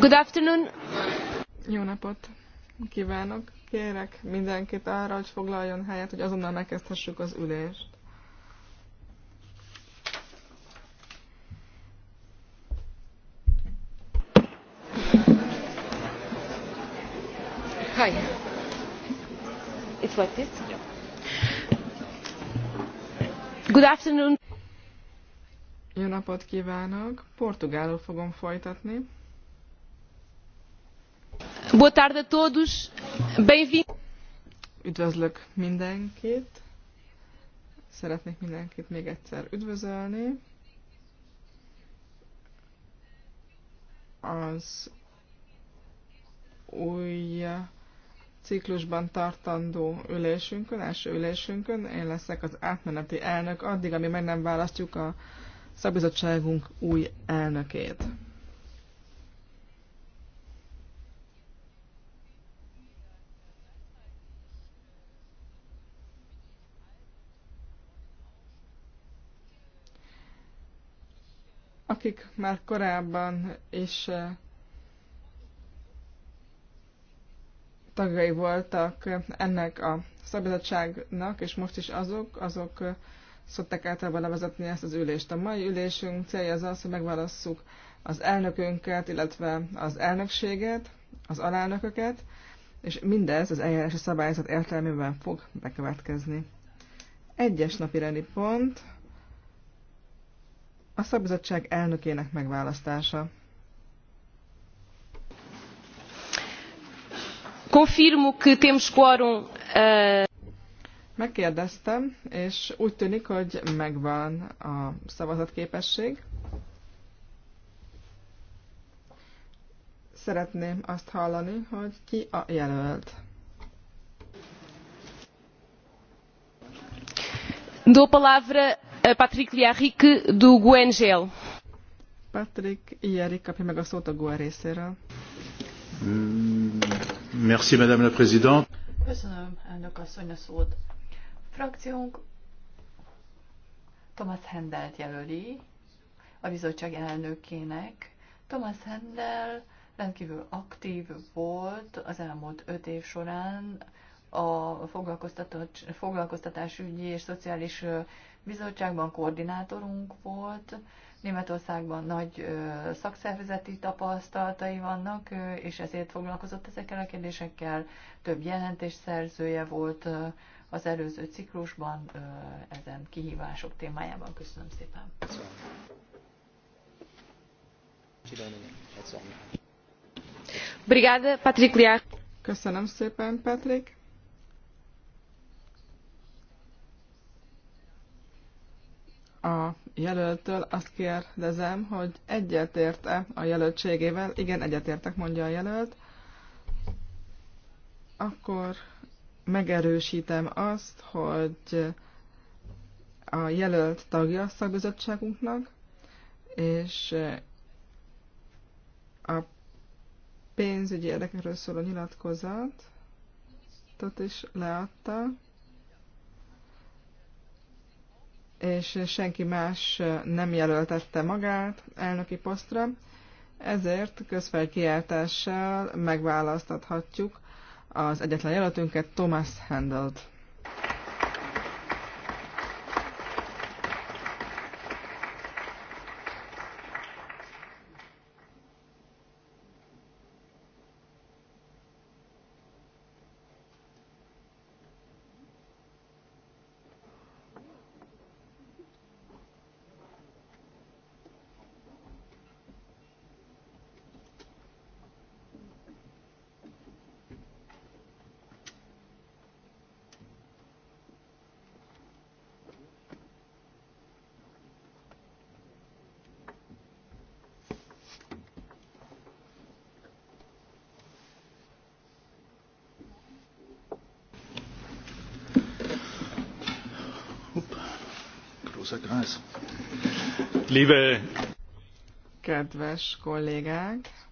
Good afternoon. Jó napot kívánok. Kérek mindenkit arra, hogy foglaljon helyet, hogy azonnal megkezdhessük az ülést. Hi. It's like this? Good afternoon. Jó napot kívánok! Portugálul fogom folytatni. Boa tarde a todos. Bem-vindos. Üdvözlök mindenkit. Szeretnék mindenkit még egyszer üdvözölni. Az új ciklusban tartandó ülésünkön, első ülésünkön. Én leszek az átmeneti elnök addig, amíg meg nem választjuk a szakbizottságunk új elnökét. akik már korábban is eh, tagjai voltak ennek a szabadságnak, és most is azok, azok eh, szokták általában levezetni ezt az ülést. A mai ülésünk célja az az, hogy megválasszuk az elnökünket, illetve az elnökséget, az alelnököket, és mindez az eljárási szabályzat értelmében fog bekövetkezni. Egyes napi pont, a szakbizottság elnökének megválasztása. Confirmo que temos quórum. Eh, Megkérdeztem, és úgy tűnik, hogy megvan a szavazatképesség. Szeretném azt hallani, hogy ki a jelölt. Dou a palavra Euh, Patrick Liarik do Guengel. Patrick Liarik kapja meg a szót a GUA részéről. Mm, merci, Madame la Présidente. Köszönöm, elnök asszony, a szót. Frakciónk Thomas Hendelt jelöli a bizottság elnökének. Thomas Hendel rendkívül aktív volt az elmúlt öt év során a foglalkoztatásügyi és szociális bizottságban koordinátorunk volt, Németországban nagy szakszervezeti tapasztalatai vannak, és ezért foglalkozott ezekkel a kérdésekkel. Több jelentés szerzője volt az előző ciklusban ezen kihívások témájában. Köszönöm szépen. Köszönöm szépen, Patrik! a jelöltől, azt kérdezem, hogy egyetért-e a jelöltségével? Igen, egyetértek, mondja a jelölt. Akkor megerősítem azt, hogy a jelölt tagja a szakbizottságunknak, és a pénzügyi érdekekről szóló nyilatkozatot is leadta. és senki más nem jelöltette magát elnöki posztra, ezért közfelkiáltással megválasztathatjuk az egyetlen jelöltünket, Thomas Handelt. Liebe Kedves kollégák!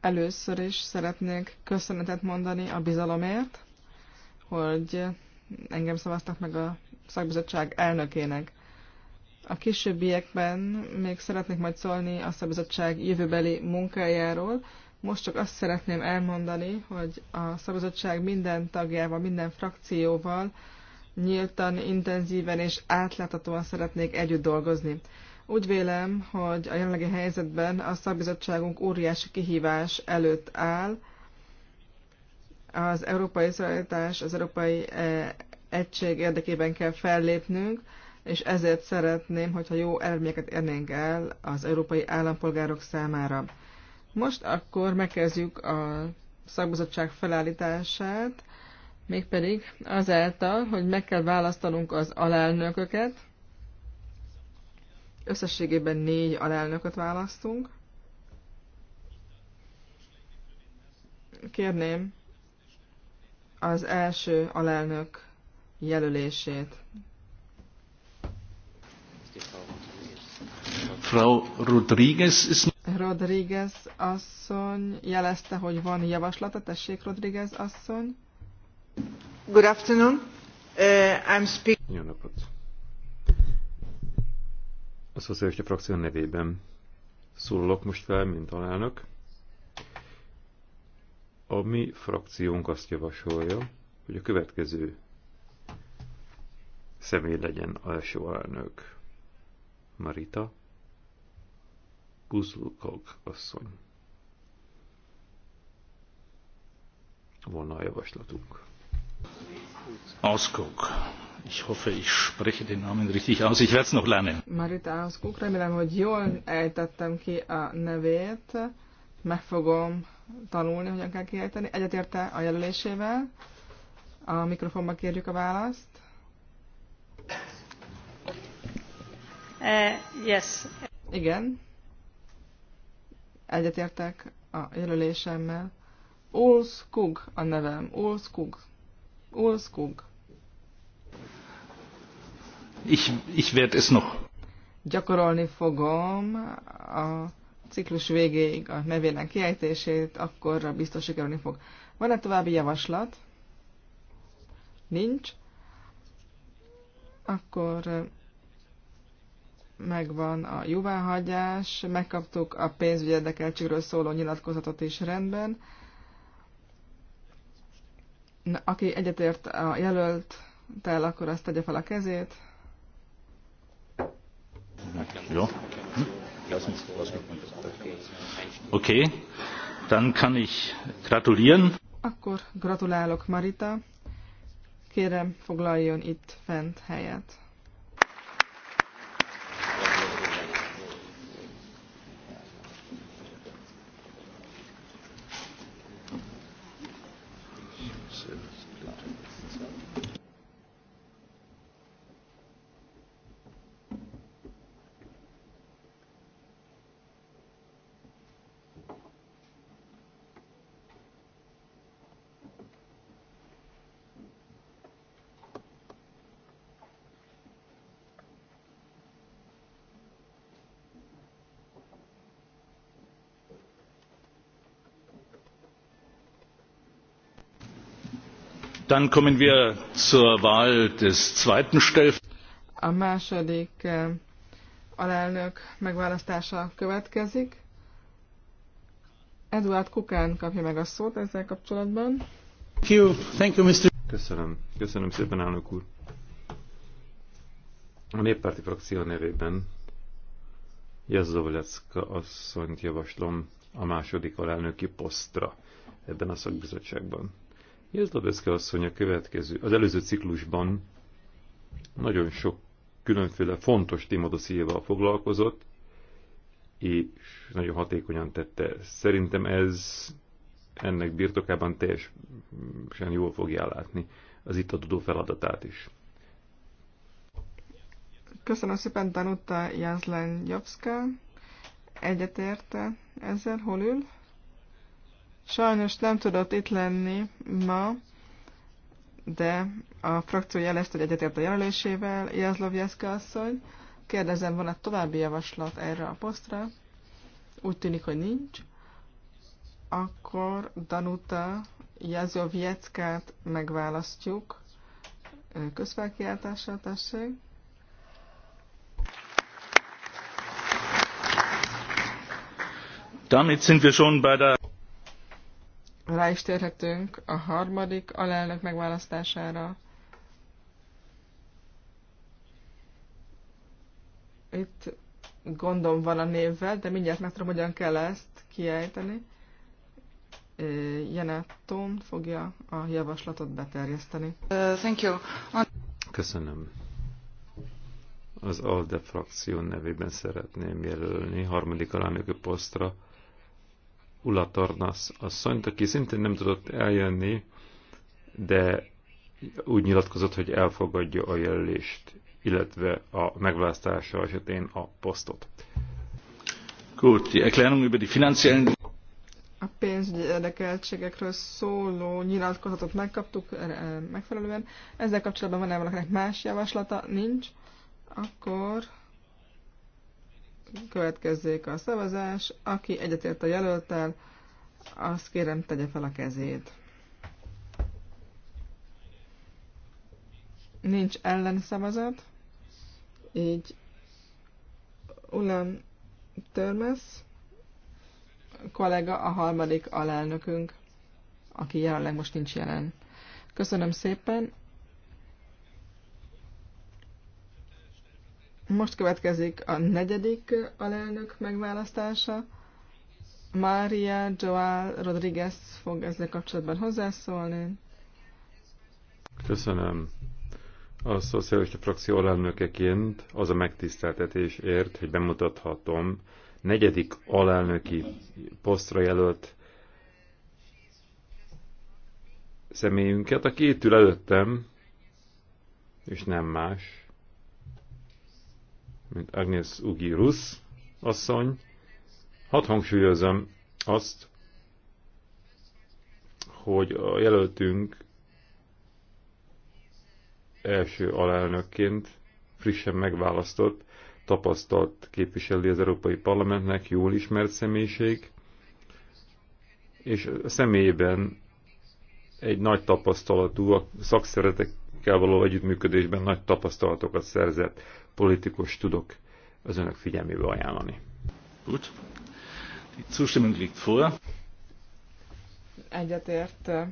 Először is szeretnék köszönetet mondani a bizalomért, hogy engem szavaztak meg a szakbizottság elnökének. A későbbiekben még szeretnék majd szólni a szakbizottság jövőbeli munkájáról. Most csak azt szeretném elmondani, hogy a szakbizottság minden tagjával, minden frakcióval nyíltan, intenzíven és átláthatóan szeretnék együtt dolgozni. Úgy vélem, hogy a jelenlegi helyzetben a szakbizottságunk óriási kihívás előtt áll. Az európai szolidaritás, az európai e, egység érdekében kell fellépnünk, és ezért szeretném, hogyha jó eredményeket érnénk el az európai állampolgárok számára. Most akkor megkezdjük a szakbizottság felállítását mégpedig azáltal, hogy meg kell választanunk az alelnököket, összességében négy alelnököt választunk. Kérném az első alelnök jelölését. Frau Rodriguez is... Rodriguez asszony jelezte, hogy van javaslata. Tessék, Rodriguez asszony. Good afternoon. Uh, I'm speaking... Jó napot. A szocialista frakció nevében szólok most fel, mint alelnök. A mi frakciónk azt javasolja, hogy a következő személy legyen első alelnök. Marita Buzlukog asszony. Volna a javaslatunk. Auskog. Ich hoffe, ich spreche den Namen richtig aus. Ich werde es noch lernen. Marita Auskog, remélem, hogy jól ejtettem ki a nevét. Meg fogom tanulni, hogyan kell kiejteni. Egyetérte a jelölésével. A mikrofonba kérjük a választ. Uh, yes. Igen. Egyetértek a jelölésemmel. Ulskug a nevem. Ulskug. Ulszkunk. Ich, ich werde es noch. Gyakorolni fogom a ciklus végéig a nevének kiejtését, akkor biztos sikerülni fog. Van-e további javaslat? Nincs. Akkor eh, megvan a jóváhagyás, megkaptuk a pénzügyi érdekeltségről szóló nyilatkozatot is rendben. Na, aki egyetért a jelölt tel, akkor azt tegye fel a kezét. Jó. Oké, okay. dann kann ich gratulieren. Akkor gratulálok Marita. Kérem, foglaljon itt fent helyet. A második eh, alelnök megválasztása következik. Eduard Kukán kapja meg a szót ezzel kapcsolatban. Thank you. Thank you, Mr. Köszönöm. Köszönöm szépen, elnök úr. A néppárti frakció nevében Jazzolecka asszonyt javaslom a második alelnöki posztra ebben a szakbizottságban. Jézladeszke asszony a következő, az előző ciklusban nagyon sok különféle fontos témadosszéval foglalkozott, és nagyon hatékonyan tette. Szerintem ez ennek birtokában teljesen jól fogja látni az itt adódó feladatát is. Köszönöm szépen Danuta Jászlán Jobszka. Egyetérte ezzel, hol ül? Sajnos nem tudott itt lenni ma, de a frakció jelezte, hogy egyetért a jelölésével Jazlovjeszka asszony. Kérdezem, van-e további javaslat erre a posztra? Úgy tűnik, hogy nincs. Akkor Danuta Jazlovjeckát megválasztjuk. Közfelkiáltással tessék. Damit sind wir schon bei der rá is térhetünk a harmadik alelnök megválasztására. Itt gondom van a névvel, de mindjárt megtudom, hogyan kell ezt kiejteni. Jenetton Tón fogja a javaslatot beterjeszteni. thank you. Köszönöm. Az ALDE frakció nevében szeretném jelölni harmadik alelnök posztra Ulla Tarnasz asszonyt, aki szintén nem tudott eljönni, de úgy nyilatkozott, hogy elfogadja a jelölést, illetve a megválasztása esetén a posztot. Gut, die Erklärung über die finanziellen... A pénzügyi érdekeltségekről szóló nyilatkozatot megkaptuk eh, megfelelően. Ezzel kapcsolatban van-e valakinek más javaslata? Nincs. Akkor következzék a szavazás. Aki egyetért a jelöltel, azt kérem tegye fel a kezét. Nincs ellenszavazat, így Ulan Törmes kollega a harmadik alelnökünk, aki jelenleg most nincs jelen. Köszönöm szépen, Most következik a negyedik alelnök megválasztása. Mária Joel Rodriguez fog ezzel kapcsolatban hozzászólni. Köszönöm. A szocialista frakció alelnökeként az a megtiszteltetés ért, hogy bemutathatom negyedik alelnöki posztra jelölt személyünket, aki itt ül előttem, és nem más, mint Agnes Ugirus asszony. Hadd hangsúlyozom azt, hogy a jelöltünk első alelnökként frissen megválasztott, tapasztalt képviselő az Európai Parlamentnek, jól ismert személyiség, és a személyében egy nagy tapasztalatú, a szakszeretek akikkel való együttműködésben nagy tapasztalatokat szerzett politikus tudok az önök figyelmébe ajánlani. Gut. Die Zustimmung liegt vor. Egyetért eh,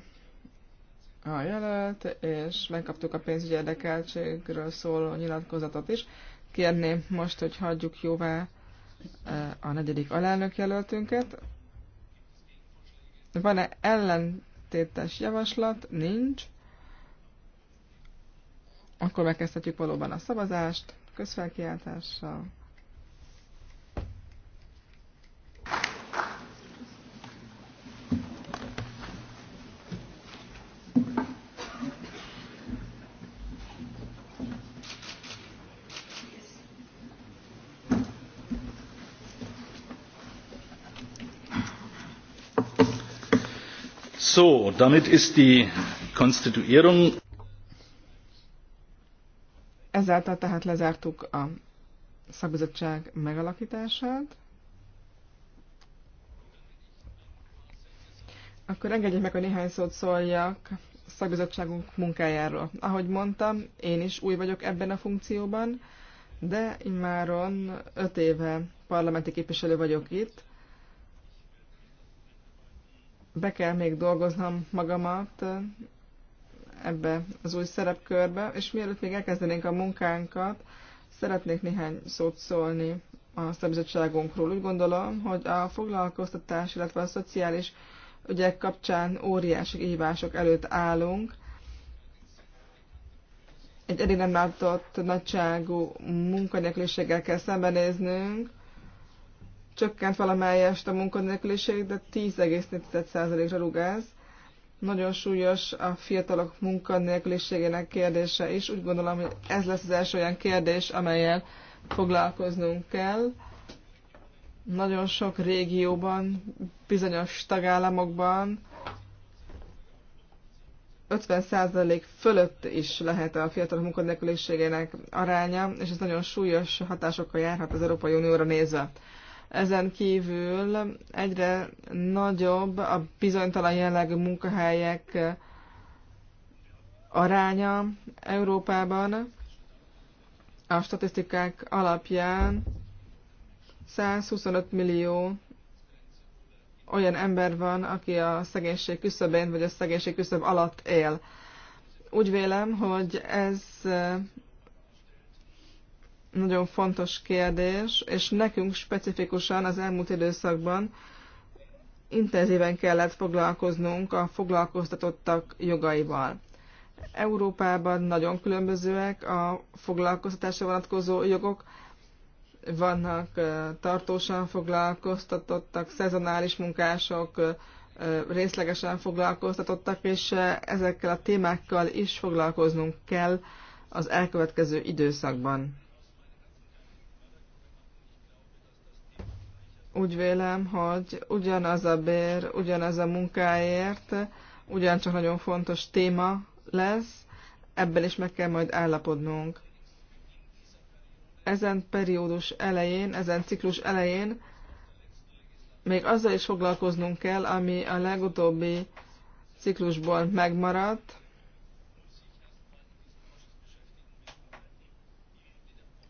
a jelölt, és megkaptuk a pénzügyi érdekeltségről szóló nyilatkozatot is. Kérném most, hogy hagyjuk jóvá eh, a negyedik alelnök jelöltünket. Van-e ellentétes javaslat? Nincs. Akkor megkezdhetjük valóban a szavazást, közfelkiáltással. So, damit ist die Konstituierung Ezáltal tehát lezártuk a szakbizottság megalakítását. Akkor engedjék meg, hogy néhány szót szóljak a szakbizottságunk munkájáról. Ahogy mondtam, én is új vagyok ebben a funkcióban, de immáron öt éve parlamenti képviselő vagyok itt. Be kell még dolgoznom magamat ebbe az új szerepkörbe, és mielőtt még elkezdenénk a munkánkat, szeretnék néhány szót szólni a szabizottságunkról. Úgy gondolom, hogy a foglalkoztatás, illetve a szociális ügyek kapcsán óriási kihívások előtt állunk. Egy eddig nem látott nagyságú munkanélküliséggel kell szembenéznünk. Csökkent valamelyest a munkanélküliség, de 10,4%-ra rúg ez. Nagyon súlyos a fiatalok munkanélküliségének kérdése is. Úgy gondolom, hogy ez lesz az első olyan kérdés, amelyel foglalkoznunk kell. Nagyon sok régióban, bizonyos tagállamokban 50% fölött is lehet a fiatalok munkanélküliségének aránya, és ez nagyon súlyos hatásokkal járhat az Európai Unióra nézve. Ezen kívül egyre nagyobb a bizonytalan jellegű munkahelyek aránya Európában. A statisztikák alapján 125 millió olyan ember van, aki a szegénység küszöbén vagy a szegénység küszöb alatt él. Úgy vélem, hogy ez nagyon fontos kérdés, és nekünk specifikusan az elmúlt időszakban intenzíven kellett foglalkoznunk a foglalkoztatottak jogaival. Európában nagyon különbözőek a foglalkoztatásra vonatkozó jogok, vannak tartósan foglalkoztatottak, szezonális munkások, részlegesen foglalkoztatottak, és ezekkel a témákkal is foglalkoznunk kell az elkövetkező időszakban. úgy vélem, hogy ugyanaz a bér, ugyanaz a munkáért, ugyancsak nagyon fontos téma lesz, Ebben is meg kell majd állapodnunk. Ezen periódus elején, ezen ciklus elején még azzal is foglalkoznunk kell, ami a legutóbbi ciklusból megmaradt,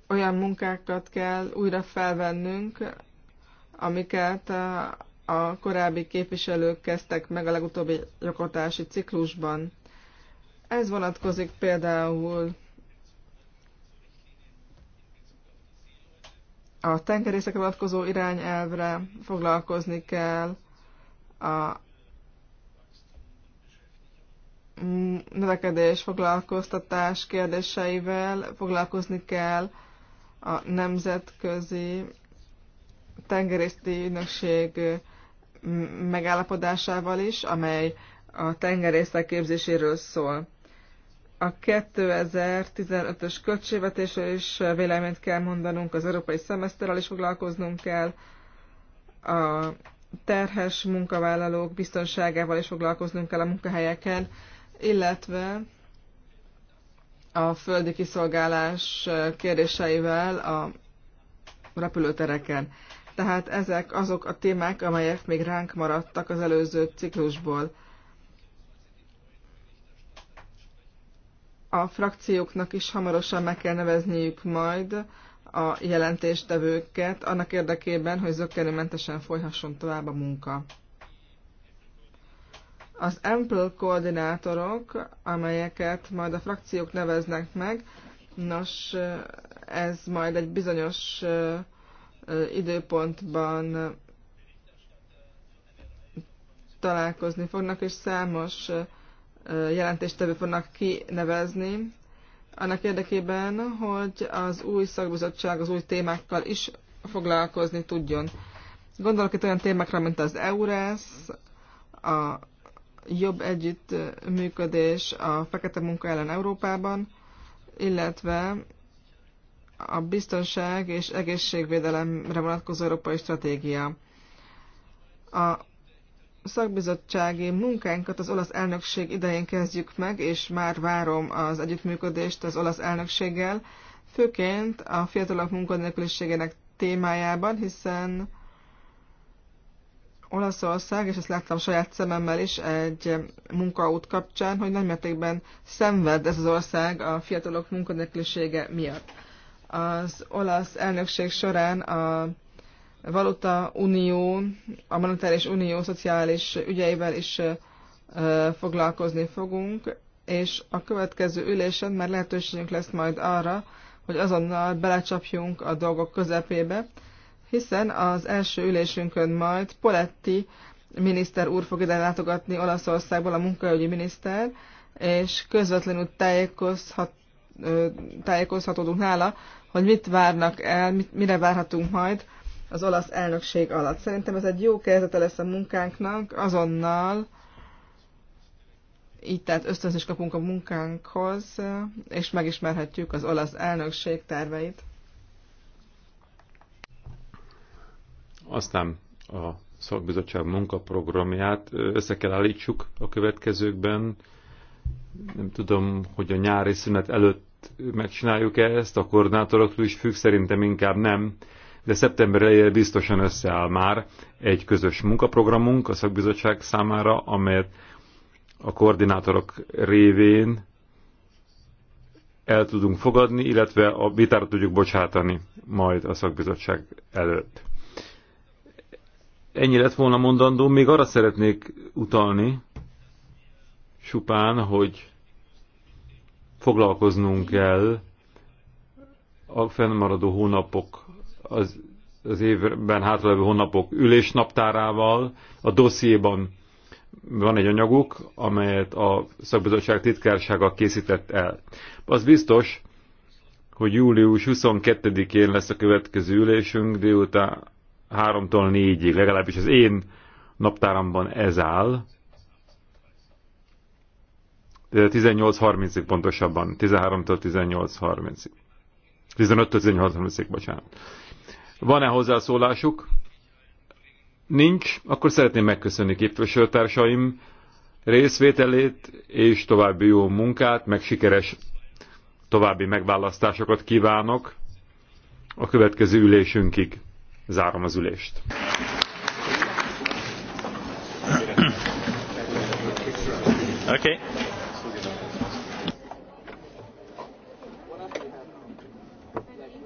olyan munkákat kell újra felvennünk, amiket eh, a korábbi képviselők kezdtek meg a legutóbbi jogotási ciklusban. Ez vonatkozik például a tengerészekre vonatkozó irányelvre, foglalkozni kell a növekedés foglalkoztatás kérdéseivel, foglalkozni kell a nemzetközi tengerészti ügynökség megállapodásával is, amely a tengerészek képzéséről szól. A 2015-ös költségvetésről is véleményt kell mondanunk, az európai szemeszterrel is foglalkoznunk kell, a terhes munkavállalók biztonságával is foglalkoznunk kell a munkahelyeken, illetve a földi kiszolgálás kérdéseivel a repülőtereken. Tehát ezek azok a témák, amelyek még ránk maradtak az előző ciklusból. A frakcióknak is hamarosan meg kell nevezniük majd a jelentéstevőket, annak érdekében, hogy zöggenőmentesen folyhasson tovább a munka. Az Ample koordinátorok, amelyeket majd a frakciók neveznek meg, nos, ez majd egy bizonyos időpontban találkozni fognak, és számos jelentéstevő fognak kinevezni, annak érdekében, hogy az új szakbizottság az új témákkal is foglalkozni tudjon. Gondolok itt olyan témákra, mint az EURES, a jobb együttműködés a fekete munka ellen Európában, illetve a biztonság és egészségvédelemre vonatkozó európai stratégia. A szakbizottsági munkánkat az olasz elnökség idején kezdjük meg, és már várom az együttműködést az olasz elnökséggel, főként a fiatalok munkanélküliségének témájában, hiszen Olaszország, és ezt láttam saját szememmel is egy munkaút kapcsán, hogy nagymértékben szenved ez az ország a fiatalok munkanélkülisége miatt az olasz elnökség során a valuta unió, a monetáris unió szociális ügyeivel is foglalkozni fogunk, és a következő ülésen már lehetőségünk lesz majd arra, hogy azonnal belecsapjunk a dolgok közepébe, hiszen az első ülésünkön majd Poletti miniszter úr fog ide látogatni Olaszországból, a munkaügyi miniszter, és közvetlenül tájékozhat, tájékozhatódunk nála hogy mit várnak el, mit, mire várhatunk majd az olasz elnökség alatt. Szerintem ez egy jó kezdete lesz a munkánknak, azonnal így tehát is kapunk a munkánkhoz, és megismerhetjük az olasz elnökség terveit. Aztán a szakbizottság munkaprogramját össze kell állítsuk a következőkben. Nem tudom, hogy a nyári szünet előtt megcsináljuk-e ezt, a koordinátoroktól is függ, szerintem inkább nem, de szeptember elejére biztosan összeáll már egy közös munkaprogramunk a szakbizottság számára, amelyet a koordinátorok révén el tudunk fogadni, illetve a vitára tudjuk bocsátani majd a szakbizottság előtt. Ennyi lett volna mondandó, még arra szeretnék utalni, csupán, hogy foglalkoznunk kell a fennmaradó hónapok, az, az évben hátralévő hónapok ülésnaptárával. A dossziéban van egy anyaguk, amelyet a szakbizottság titkársága készített el. Az biztos, hogy július 22-én lesz a következő ülésünk, délután 3-tól 4-ig, legalábbis az én naptáramban ez áll. 30 ig pontosabban, 13-től 30 ig 15-től 18.30-ig, bocsánat. Van-e hozzászólásuk? Nincs, akkor szeretném megköszönni képviselőtársaim részvételét és további jó munkát, meg sikeres további megválasztásokat kívánok. A következő ülésünkig zárom az ülést. Okay.